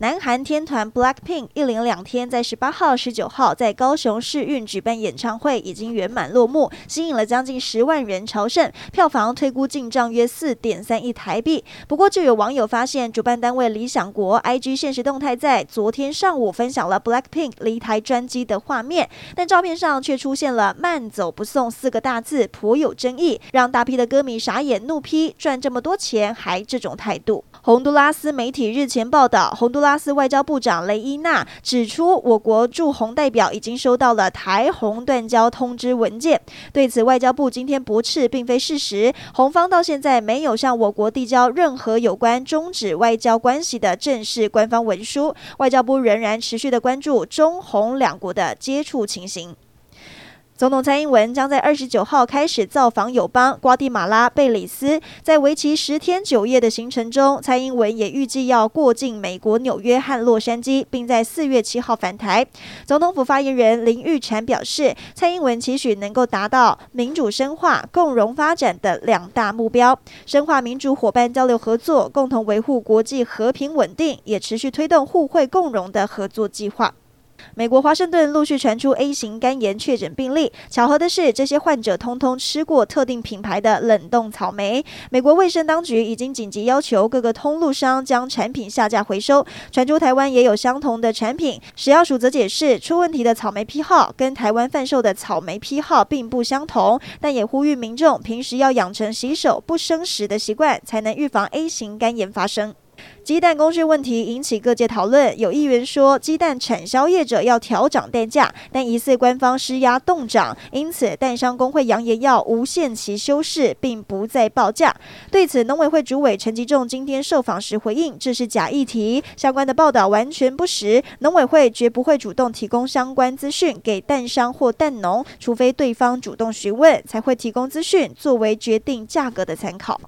南韓天團 Blackpink 一連兩天在十八號、十九號在高雄市運舉辦演唱會，已經圓滿落幕，吸引了將近十萬人朝聖，票房推估進賬約四點三億台幣。不過，就有網友發現，主辦單位理想國 IG 現實動態在昨天上午分享了 Blackpink 離台專機的畫面，但照片上卻出現了“慢走不送”四個大字，頗有爭議，讓大批的歌迷傻眼怒批：賺這麼多錢還這種態度。宏都拉斯媒體日前報道，宏都。巴斯外交部長雷伊納指出，我國駐宏代表已經收到了台宏斷交通知文件。對此，外交部今天駁斥並非事實，宏方到現在沒有向我國遞交任何有關終止外交關係的正式官方文書。外交部仍然持續的關注中宏兩國的接觸情形。總統蔡英文將在二十九號開始造訪友邦瓜地馬拉、貝里斯，在為期十天九夜的行程中，蔡英文也預計要過境美國紐約和洛杉磯，並在四月七號返台。總統府發言人林玉嬋表示，蔡英文期許能夠達到民主深化、共榮發展的兩大目標，深化民主夥伴交流合作，共同維護國際和平穩定，也持續推動互惠共榮的合作計劃。美國華盛頓陸續傳出 A 型肝炎確診病例，巧合的是，這些患者通通吃過特定品牌的冷凍草莓。美國衛生當局已經緊急要求各個通路商將產品下架回收。傳出台灣也有相同的產品，食藥署則解釋，出問題的草莓批號跟台灣販售的草莓批號並不相同，但也呼籲民眾平時要養成洗手不生食的習慣，才能預防 A 型肝炎發生。雞蛋供需問題引起各界討論，有議員說雞蛋產銷業者要調漲蛋價，但疑似官方施壓凍漲，因此蛋商工會揚言要無限期休市，並不再報價。對此，農委會主委陳吉仲今天受訪時回應，這是假議題，相關的報道完全不實。農委會絕不會主動提供相關資訊給蛋商或蛋農，除非對方主動詢問，才會提供資訊作為決定價格的參考。